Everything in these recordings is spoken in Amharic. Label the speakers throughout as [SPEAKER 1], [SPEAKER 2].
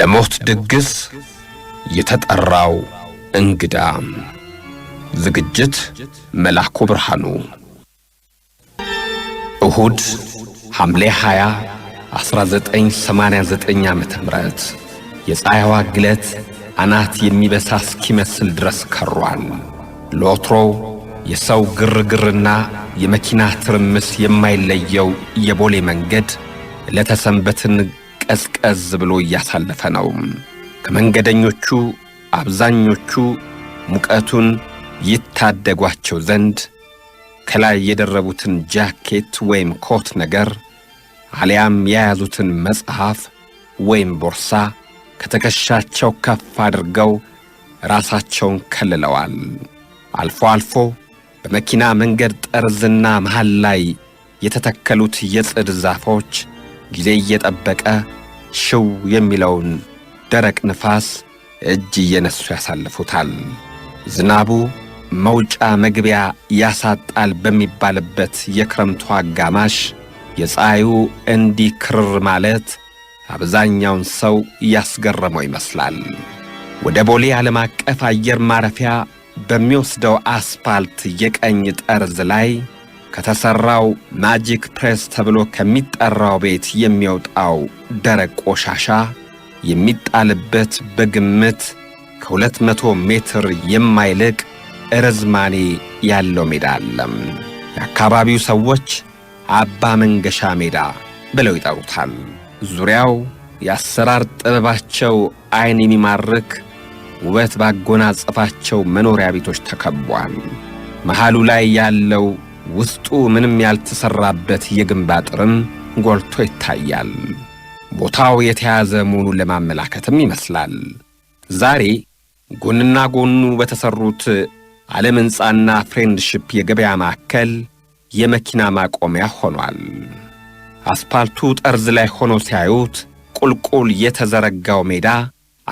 [SPEAKER 1] ለሞት ድግስ የተጠራው እንግዳ ዝግጅት መላኩ ብርሃኑ እሁድ ሐምሌ 20 1989 ዓመተ ምህረት የፀሐይዋ ግለት አናት የሚበሳ እስኪመስል ድረስ ከሯል። ለወትሮው የሰው ግርግርና የመኪና ትርምስ የማይለየው የቦሌ መንገድ ለተሰንበትን ቀዝቀዝ ብሎ እያሳለፈ ነው። ከመንገደኞቹ አብዛኞቹ ሙቀቱን ይታደጓቸው ዘንድ ከላይ የደረቡትን ጃኬት ወይም ኮት ነገር አሊያም የያዙትን መጽሐፍ ወይም ቦርሳ ከትከሻቸው ከፍ አድርገው ራሳቸውን ከልለዋል። አልፎ አልፎ በመኪና መንገድ ጠርዝና መሃል ላይ የተተከሉት የጽድ ዛፎች ጊዜ እየጠበቀ ሽው የሚለውን ደረቅ ንፋስ እጅ እየነሱ ያሳልፉታል። ዝናቡ መውጫ መግቢያ ያሳጣል በሚባልበት የክረምቱ አጋማሽ የፀሐዩ እንዲህ ክርር ማለት አብዛኛውን ሰው ያስገረመው ይመስላል። ወደ ቦሌ ዓለም አቀፍ አየር ማረፊያ በሚወስደው አስፋልት የቀኝ ጠርዝ ላይ ከተሠራው ማጂክ ፕሬስ ተብሎ ከሚጠራው ቤት የሚወጣው ደረቅ ቆሻሻ የሚጣልበት በግምት ከሁለት መቶ ሜትር የማይልቅ ርዝማኔ ያለው ሜዳ አለም። የአካባቢው ሰዎች አባ መንገሻ ሜዳ ብለው ይጠሩታል። ዙሪያው የአሰራር ጥበባቸው ዐይን የሚማርክ ውበት ባጎናጸፋቸው መኖሪያ ቤቶች ተከቧል። መሃሉ ላይ ያለው ውስጡ ምንም ያልተሠራበት የግንብ አጥርም ጎልቶ ይታያል። ቦታው የተያዘ መሆኑን ለማመላከትም ይመስላል። ዛሬ ጎንና ጎኑ በተሰሩት ዓለም ሕንፃና ፍሬንድሽፕ የገበያ ማዕከል የመኪና ማቆሚያ ሆኗል። አስፓልቱ ጠርዝ ላይ ሆኖ ሲያዩት ቁልቁል የተዘረጋው ሜዳ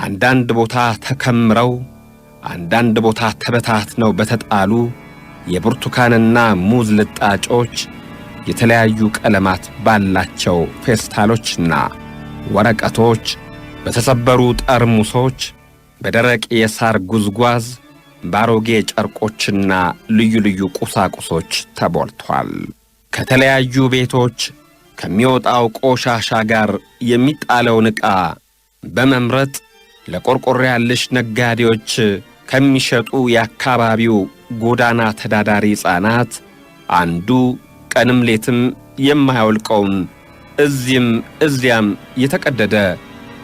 [SPEAKER 1] አንዳንድ ቦታ ተከምረው አንዳንድ ቦታ ተበታትነው በተጣሉ የብርቱካንና ሙዝ ልጣጮች የተለያዩ ቀለማት ባላቸው ፌስታሎችና ወረቀቶች፣ በተሰበሩ ጠርሙሶች፣ በደረቅ የሳር ጉዝጓዝ፣ በአሮጌ ጨርቆችና ልዩ ልዩ ቁሳቁሶች ተሞልቷል። ከተለያዩ ቤቶች ከሚወጣው ቆሻሻ ጋር የሚጣለውን ዕቃ በመምረጥ ለቆርቆሮ ያለሽ ነጋዴዎች ከሚሸጡ የአካባቢው ጎዳና ተዳዳሪ ሕፃናት አንዱ ቀንም ሌትም የማያወልቀውን እዚህም እዚያም የተቀደደ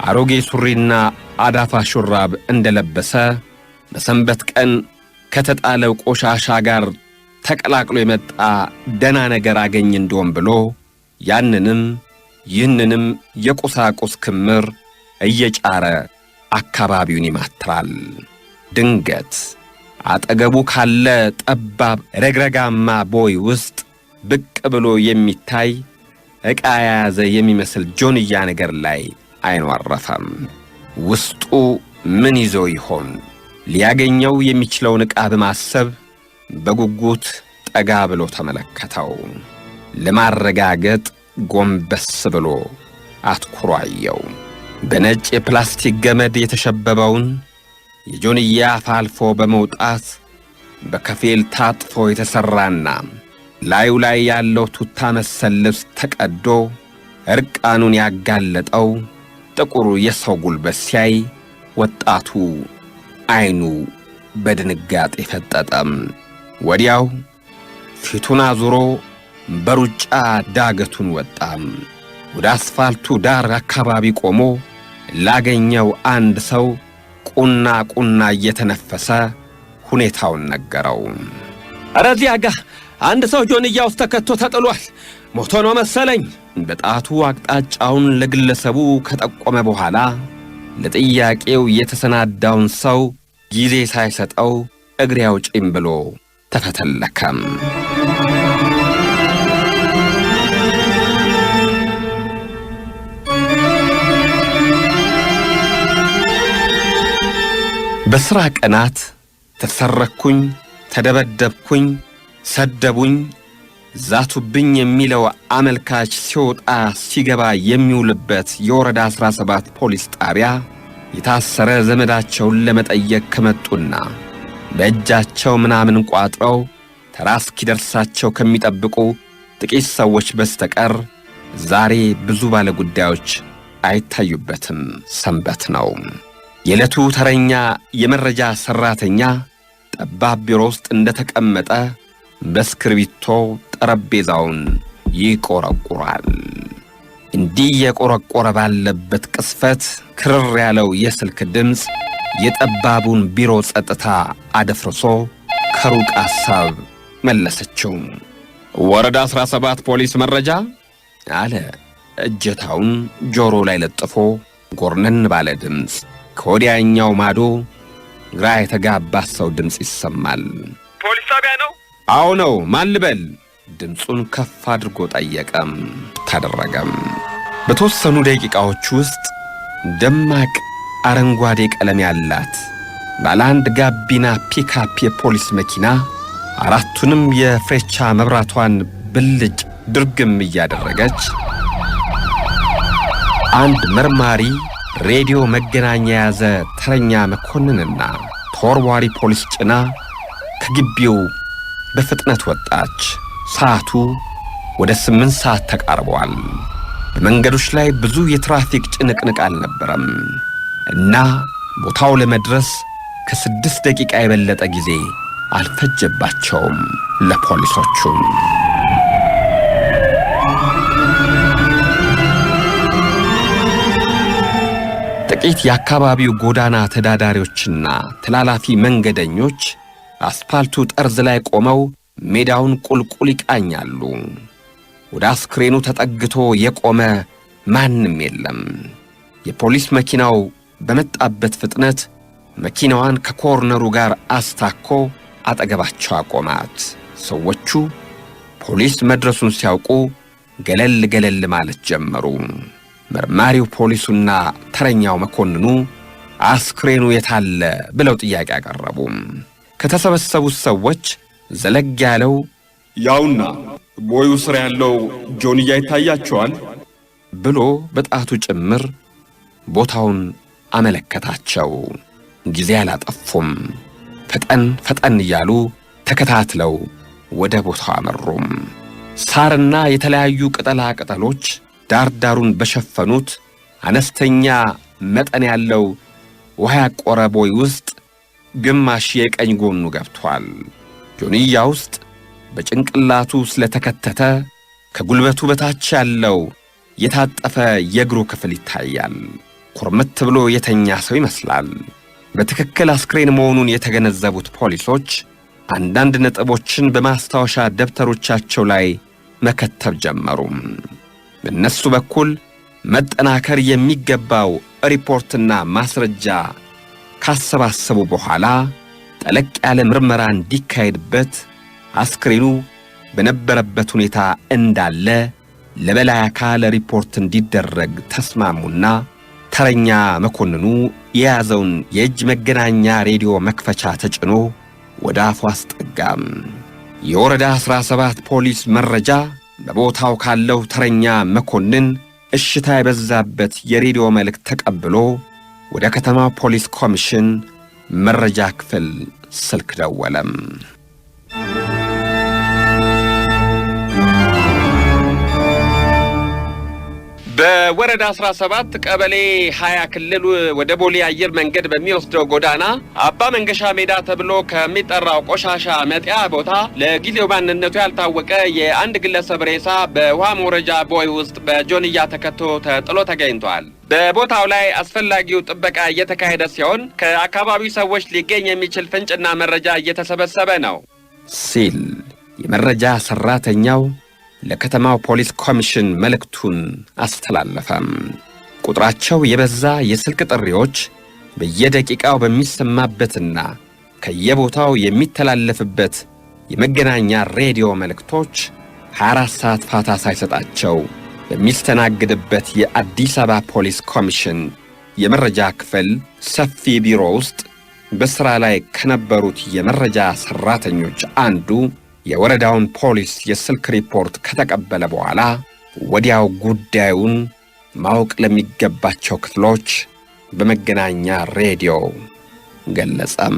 [SPEAKER 1] አሮጌ ሱሪና አዳፋ ሹራብ እንደለበሰ በሰንበት ቀን ከተጣለው ቆሻሻ ጋር ተቀላቅሎ የመጣ ደና ነገር አገኝ እንደሆን ብሎ ያንንም ይህንንም የቁሳቁስ ክምር እየጫረ አካባቢውን ይማትራል። ድንገት አጠገቡ ካለ ጠባብ ረግረጋማ ቦይ ውስጥ ብቅ ብሎ የሚታይ ዕቃ የያዘ የሚመስል ጆንያ ነገር ላይ አይኑ አረፈም። ውስጡ ምን ይዞ ይሆን? ሊያገኘው የሚችለውን ዕቃ በማሰብ በጉጉት ጠጋ ብሎ ተመለከተው። ለማረጋገጥ ጎንበስ ብሎ አትኩሮ አየው። በነጭ የፕላስቲክ ገመድ የተሸበበውን የጆንያ አፋልፎ በመውጣት በከፊል ታጥፎ የተሠራና ላዩ ላይ ያለው ቱታ መሰል ልብስ ተቀዶ እርቃኑን ያጋለጠው ጥቁሩ የሰው ጉልበት ሲያይ ወጣቱ ዐይኑ በድንጋጤ ፈጠጠም። ወዲያው ፊቱን አዙሮ በሩጫ ዳገቱን ወጣም። ወደ አስፋልቱ ዳር አካባቢ ቆሞ ላገኘው አንድ ሰው ቁና ቁና እየተነፈሰ ሁኔታውን ነገረው። አረዚያ ጋ አንድ ሰው ጆንያ ውስጥ ተከቶ ተጥሏል። ሞቶ ነው መሰለኝ። በጣቱ አቅጣጫውን ለግለሰቡ ከጠቆመ በኋላ ለጥያቄው የተሰናዳውን ሰው ጊዜ ሳይሰጠው እግሬ አውጪኝ ብሎ ተፈተለከም። በሥራ ቀናት ተሰረኩኝ፣ ተደበደብኩኝ ሰደቡኝ፣ ዛቱብኝ የሚለው አመልካች ሲወጣ ሲገባ የሚውልበት የወረዳ 17 ፖሊስ ጣቢያ የታሰረ ዘመዳቸውን ለመጠየቅ ከመጡና በእጃቸው ምናምን ቋጥረው ተራ እስኪደርሳቸው ከሚጠብቁ ጥቂት ሰዎች በስተቀር ዛሬ ብዙ ባለጉዳዮች አይታዩበትም። ሰንበት ነው። የዕለቱ ተረኛ የመረጃ ሠራተኛ ጠባብ ቢሮ ውስጥ እንደተቀመጠ በእስክርቢቶ ጠረጴዛውን ይቆረቁራል። እንዲህ የቆረቆረ ባለበት ቅስፈት ክርር ያለው የስልክ ድምፅ የጠባቡን ቢሮ ጸጥታ አደፍርሶ ከሩቅ ሐሳብ መለሰችው። ወረዳ 17 ፖሊስ መረጃ አለ። እጀታውን ጆሮ ላይ ለጥፎ ጎርነን ባለ ድምፅ ከወዲያኛው ማዶ ግራ የተጋባ ሰው ድምፅ ይሰማል።
[SPEAKER 2] ፖሊስ ጣቢያ ነው።
[SPEAKER 1] አዎ ነው ማን ልበል? ድምፁን ከፍ አድርጎ ጠየቀም ተደረገም። በተወሰኑ ደቂቃዎች ውስጥ ደማቅ አረንጓዴ ቀለም ያላት ባለ አንድ ጋቢና ፒካፕ የፖሊስ መኪና አራቱንም የፍሬቻ መብራቷን ብልጭ ድርግም እያደረገች አንድ መርማሪ ሬዲዮ መገናኛ የያዘ ተረኛ መኮንንና ተወርዋሪ ፖሊስ ጭና ከግቢው በፍጥነት ወጣች። ሰዓቱ ወደ ስምንት ሰዓት ተቃርቧል። በመንገዶች ላይ ብዙ የትራፊክ ጭንቅንቅ አልነበረም እና ቦታው ለመድረስ ከስድስት ደቂቃ የበለጠ ጊዜ አልፈጀባቸውም ለፖሊሶቹም። ጥቂት የአካባቢው ጎዳና ተዳዳሪዎችና ተላላፊ መንገደኞች አስፋልቱ ጠርዝ ላይ ቆመው ሜዳውን ቁልቁል ይቃኛሉ። ወደ አስክሬኑ ተጠግቶ የቆመ ማንም የለም። የፖሊስ መኪናው በመጣበት ፍጥነት መኪናዋን ከኮርነሩ ጋር አስታኮ አጠገባቸው አቆማት። ሰዎቹ ፖሊስ መድረሱን ሲያውቁ ገለል ገለል ማለት ጀመሩ። መርማሪው ፖሊሱና ተረኛው መኮንኑ አስክሬኑ የታለ ብለው ጥያቄ አቀረቡም። ከተሰበሰቡት ሰዎች ዘለግ ያለው
[SPEAKER 3] ያውና ቦዩ ስር ያለው ጆንያ ይታያቸዋል
[SPEAKER 1] ብሎ በጣቱ ጭምር ቦታውን አመለከታቸው። ጊዜ አላጠፉም። ፈጠን ፈጠን እያሉ ተከታትለው ወደ ቦታው አመሩም። ሳርና የተለያዩ ቅጠላ ቅጠሎች ዳርዳሩን በሸፈኑት አነስተኛ መጠን ያለው ውሃ ያቆረ ቦይ ውስጥ ግማሽ የቀኝ ጎኑ ገብቷል። ጆንያ ውስጥ በጭንቅላቱ ስለተከተተ ከጉልበቱ በታች ያለው የታጠፈ የእግሩ ክፍል ይታያል። ኩርምት ብሎ የተኛ ሰው ይመስላል። በትክክል አስክሬን መሆኑን የተገነዘቡት ፖሊሶች አንዳንድ ነጥቦችን በማስታወሻ ደብተሮቻቸው ላይ መከተብ ጀመሩ። በእነሱ በኩል መጠናከር የሚገባው ሪፖርትና ማስረጃ ካሰባሰቡ በኋላ ጠለቅ ያለ ምርመራ እንዲካሄድበት አስክሬኑ በነበረበት ሁኔታ እንዳለ ለበላይ አካል ሪፖርት እንዲደረግ ተስማሙና ተረኛ መኮንኑ የያዘውን የእጅ መገናኛ ሬዲዮ መክፈቻ ተጭኖ ወደ አፉ አስጠጋም። የወረዳ ዐሥራ ሰባት ፖሊስ መረጃ በቦታው ካለው ተረኛ መኮንን እሽታ የበዛበት የሬዲዮ መልእክት ተቀብሎ ወደ ከተማ ፖሊስ ኮሚሽን መረጃ ክፍል ስልክ ደወለም።
[SPEAKER 4] በወረዳ 17 ቀበሌ 20 ክልል ወደ ቦሌ አየር መንገድ በሚወስደው ጎዳና አባ መንገሻ ሜዳ ተብሎ ከሚጠራው ቆሻሻ መጥያ ቦታ ለጊዜው ማንነቱ ያልታወቀ የአንድ ግለሰብ ሬሳ በውሃ መውረጃ ቦይ ውስጥ በጆንያ ተከቶ ተጥሎ ተገኝቷል። በቦታው ላይ አስፈላጊው ጥበቃ እየተካሄደ ሲሆን ከአካባቢው ሰዎች ሊገኝ የሚችል ፍንጭና መረጃ እየተሰበሰበ ነው
[SPEAKER 1] ሲል የመረጃ ሰራተኛው ለከተማው ፖሊስ ኮሚሽን መልእክቱን አስተላለፈም። ቁጥራቸው የበዛ የስልክ ጥሪዎች በየደቂቃው በሚሰማበትና ከየቦታው የሚተላለፍበት የመገናኛ ሬዲዮ መልእክቶች 24 ሰዓት ፋታ ሳይሰጣቸው በሚስተናግድበት የአዲስ አበባ ፖሊስ ኮሚሽን የመረጃ ክፍል ሰፊ ቢሮ ውስጥ በሥራ ላይ ከነበሩት የመረጃ ሠራተኞች አንዱ የወረዳውን ፖሊስ የስልክ ሪፖርት ከተቀበለ በኋላ ወዲያው ጉዳዩን ማወቅ ለሚገባቸው ክፍሎች በመገናኛ ሬዲዮ ገለጸም።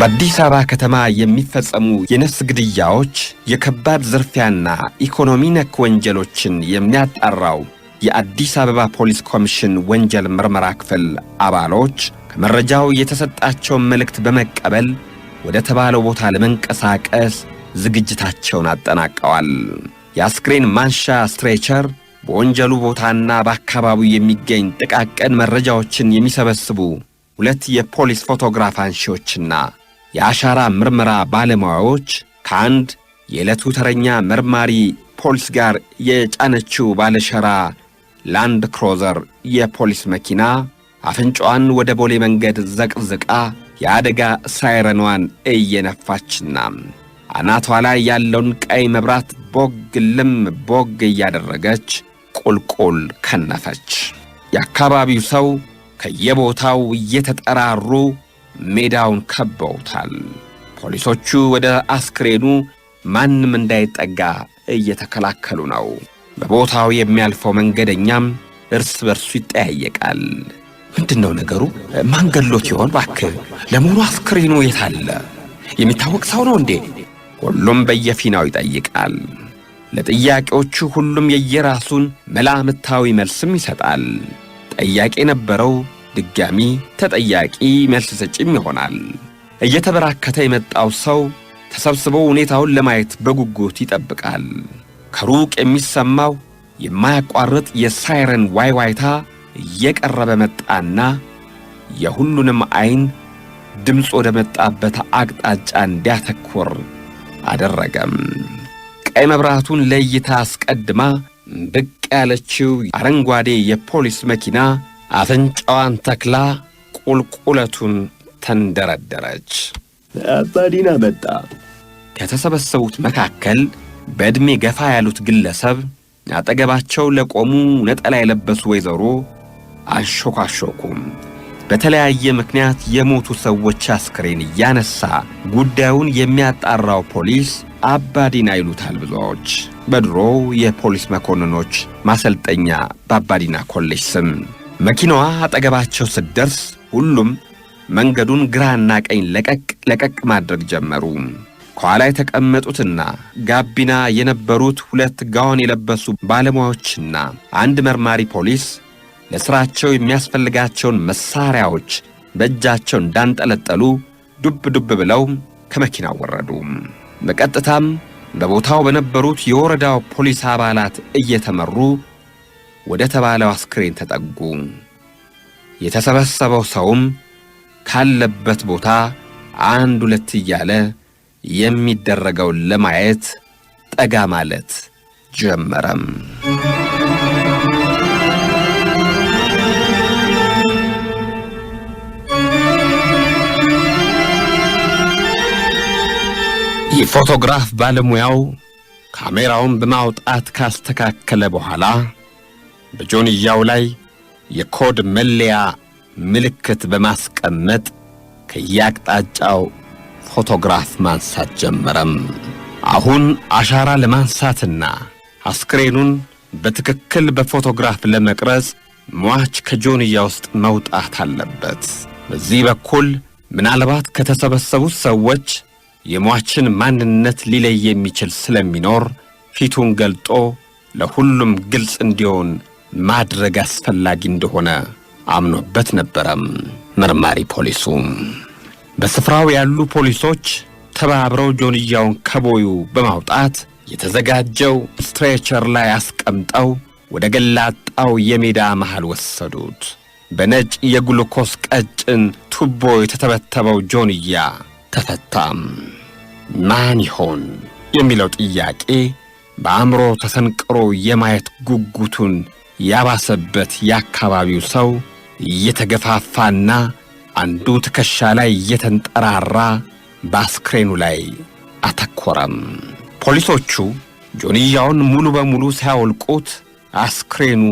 [SPEAKER 1] በአዲስ አበባ ከተማ የሚፈጸሙ የነፍስ ግድያዎች፣ የከባድ ዝርፊያና ኢኮኖሚ ነክ ወንጀሎችን የሚያጣራው የአዲስ አበባ ፖሊስ ኮሚሽን ወንጀል ምርመራ ክፍል አባሎች ከመረጃው የተሰጣቸውን መልእክት በመቀበል ወደ ተባለው ቦታ ለመንቀሳቀስ ዝግጅታቸውን አጠናቀዋል። የአስክሬን ማንሻ ስትሬቸር በወንጀሉ ቦታና በአካባቢው የሚገኝ ጥቃቅን መረጃዎችን የሚሰበስቡ ሁለት የፖሊስ ፎቶግራፍ አንሺዎችና የአሻራ ምርመራ ባለሙያዎች ከአንድ የዕለቱ ተረኛ መርማሪ ፖሊስ ጋር የጫነችው ባለሸራ ላንድ ክሮዘር የፖሊስ መኪና አፍንጫዋን ወደ ቦሌ መንገድ ዘቅዝቃ የአደጋ ሳይረኗን እየነፋችና አናቷ ላይ ያለውን ቀይ መብራት ቦግ ልም ቦግ እያደረገች ቁልቁል ከነፈች። የአካባቢው ሰው ከየቦታው እየተጠራሩ ሜዳውን ከበውታል። ፖሊሶቹ ወደ አስክሬኑ ማንም እንዳይጠጋ እየተከላከሉ ነው። በቦታው የሚያልፈው መንገደኛም እርስ በርሱ ይጠያየቃል።
[SPEAKER 5] ምንድን ነው ነገሩ? ማን ገሎት ይሆን? እባክህ ለመሆኑ አስክሬኑ የት አለ? የሚታወቅ ሰው ነው እንዴ?
[SPEAKER 1] ሁሉም በየፊናው ይጠይቃል። ለጥያቄዎቹ ሁሉም የየራሱን መላምታዊ መልስም ይሰጣል። ጠያቂ የነበረው ድጋሚ ተጠያቂ መልስ ሰጪም ይሆናል። እየተበራከተ የመጣው ሰው ተሰብስበው ሁኔታውን ለማየት በጉጉት ይጠብቃል። ከሩቅ የሚሰማው የማያቋርጥ የሳይረን ዋይዋይታ እየቀረበ መጣና የሁሉንም ዐይን ድምፅ ወደ መጣበት አቅጣጫ እንዲያተኩር አደረገም። ቀይ መብራቱን ለእይታ አስቀድማ ብቅ ያለችው አረንጓዴ የፖሊስ መኪና አፍንጫዋን ተክላ ቁልቁለቱን ተንደረደረች።
[SPEAKER 6] አባዲና መጣ።
[SPEAKER 1] ከተሰበሰቡት መካከል በዕድሜ ገፋ ያሉት ግለሰብ አጠገባቸው ለቆሙ ነጠላ የለበሱ ወይዘሮ አሾካሾኩም። በተለያየ ምክንያት የሞቱ ሰዎች አስክሬን እያነሳ ጉዳዩን የሚያጣራው ፖሊስ አባዲና ይሉታል ብዙዎች። በድሮው የፖሊስ መኮንኖች ማሰልጠኛ በአባዲና ኮሌጅ ስም መኪናዋ አጠገባቸው ስትደርስ ሁሉም መንገዱን ግራና ቀኝ ለቀቅ ለቀቅ ማድረግ ጀመሩ። ከኋላ የተቀመጡትና ጋቢና የነበሩት ሁለት ጋውን የለበሱ ባለሙያዎችና አንድ መርማሪ ፖሊስ ለሥራቸው የሚያስፈልጋቸውን መሳሪያዎች በእጃቸው እንዳንጠለጠሉ ዱብ ዱብ ብለው ከመኪናው ወረዱ። በቀጥታም በቦታው በነበሩት የወረዳው ፖሊስ አባላት እየተመሩ ወደ ተባለው አስክሬን ተጠጉ። የተሰበሰበው ሰውም ካለበት ቦታ አንድ ሁለት እያለ የሚደረገውን ለማየት ጠጋ ማለት ጀመረም። የፎቶግራፍ ባለሙያው ካሜራውን በማውጣት ካስተካከለ በኋላ በጆንያው ላይ የኮድ መለያ ምልክት በማስቀመጥ ከየአቅጣጫው ፎቶግራፍ ማንሳት ጀመረም። አሁን አሻራ ለማንሳትና አስክሬኑን በትክክል በፎቶግራፍ ለመቅረጽ ሟች ከጆንያ ውስጥ መውጣት አለበት። በዚህ በኩል ምናልባት ከተሰበሰቡት ሰዎች የሟችን ማንነት ሊለይ የሚችል ስለሚኖር ፊቱን ገልጦ ለሁሉም ግልጽ እንዲሆን ማድረግ አስፈላጊ እንደሆነ አምኖበት ነበረም። መርማሪ ፖሊሱ በስፍራው ያሉ ፖሊሶች ተባብረው ጆንያውን ከቦዩ በማውጣት የተዘጋጀው ስትሬቸር ላይ አስቀምጠው ወደ ገላጣው የሜዳ መሃል ወሰዱት። በነጭ የግሉኮስ ቀጭን ቱቦ የተተበተበው ጆንያ ተፈታም። ማን ይሆን የሚለው ጥያቄ በአእምሮ ተሰንቅሮ የማየት ጉጉቱን ያባሰበት የአካባቢው ሰው እየተገፋፋና አንዱ ትከሻ ላይ እየተንጠራራ በአስክሬኑ ላይ አተኮረም። ፖሊሶቹ ጆንያውን ሙሉ በሙሉ ሳያወልቁት አስክሬኑ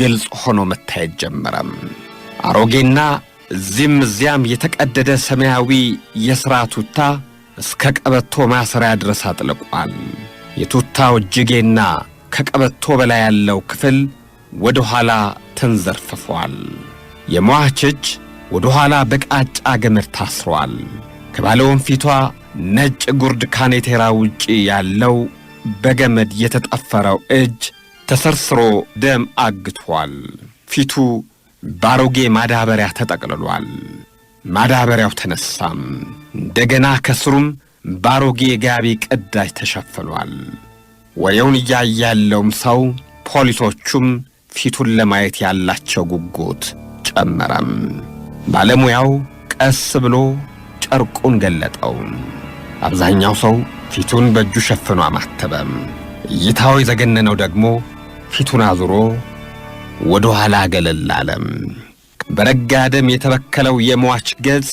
[SPEAKER 1] ግልጽ ሆኖ መታየት ጀመረም። አሮጌና እዚህም እዚያም የተቀደደ ሰማያዊ የሥራ ቱታ እስከ ቀበቶ ማሰሪያ ድረስ አጥልቋል። የቱታው እጅጌና ከቀበቶ በላይ ያለው ክፍል ወደ ኋላ ተንዘርፍፏል። የሟች እጅ ወደ ኋላ በቃጫ ገመድ ታስሯል። ከባለውን ፊቷ ነጭ ጉርድ ካኔቴራ ውጪ ያለው በገመድ የተጠፈረው እጅ ተሰርስሮ ደም አግቷል። ፊቱ ባሮጌ ማዳበሪያ ተጠቅልሏል። ማዳበሪያው ተነሳም። እንደገና ከስሩም ባሮጌ ጋቢ ቅዳጅ ተሸፍኗል። ወሬውን እያየ ያለውም ሰው ፖሊሶቹም ፊቱን ለማየት ያላቸው ጉጉት ጨመረም። ባለሙያው ቀስ ብሎ ጨርቁን ገለጠው። አብዛኛው ሰው ፊቱን በእጁ ሸፍኖ አማተበም። እይታው የዘገነነው ደግሞ ፊቱን አዙሮ ወደ ኋላ ገለል አለም። በረጋ ደም የተበከለው የሟች ገጽ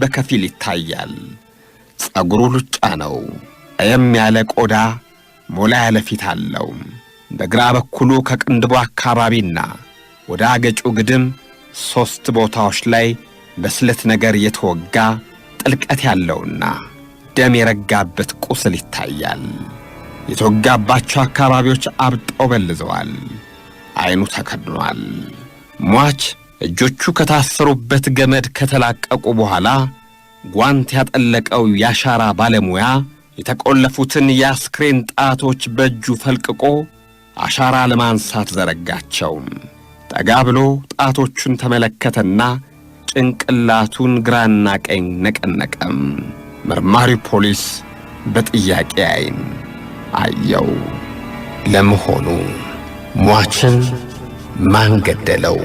[SPEAKER 1] በከፊል ይታያል። ጸጉሩ ሉጫ ነው። እየም ያለ ቆዳ፣ ሞላ ያለ ፊት አለው። በግራ በኩሉ ከቅንድቡ አካባቢና ወደ አገጩ ግድም ሦስት ቦታዎች ላይ በስለት ነገር የተወጋ ጥልቀት ያለውና ደም የረጋበት ቁስል ይታያል። የተወጋባቸው አካባቢዎች አብጠው በልዘዋል። ዐይኑ ተከድኗል። ሟች እጆቹ ከታሰሩበት ገመድ ከተላቀቁ በኋላ ጓንት ያጠለቀው የአሻራ ባለሙያ የተቆለፉትን የአስክሬን ጣቶች በእጁ ፈልቅቆ አሻራ ለማንሳት ዘረጋቸው። ጠጋ ብሎ ጣቶቹን ተመለከተና ጭንቅላቱን ግራና ቀኝ ነቀነቀም። መርማሪው ፖሊስ በጥያቄ አይን አየው። ለመሆኑ ሟችን ማን ገደለው?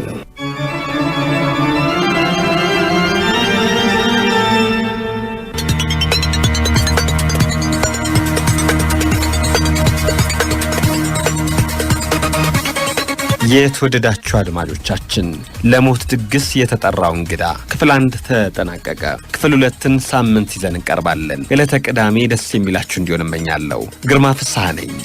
[SPEAKER 1] የተወደዳችሁ አድማጮቻችን ለሞት ድግስ የተጠራው እንግዳ ክፍል አንድ ተጠናቀቀ። ክፍል ሁለትን ሳምንት ይዘን እንቀርባለን። ዕለተ ቅዳሜ ደስ የሚላችሁ እንዲሆን እመኛለሁ። ግርማ ፍስሐ ነኝ።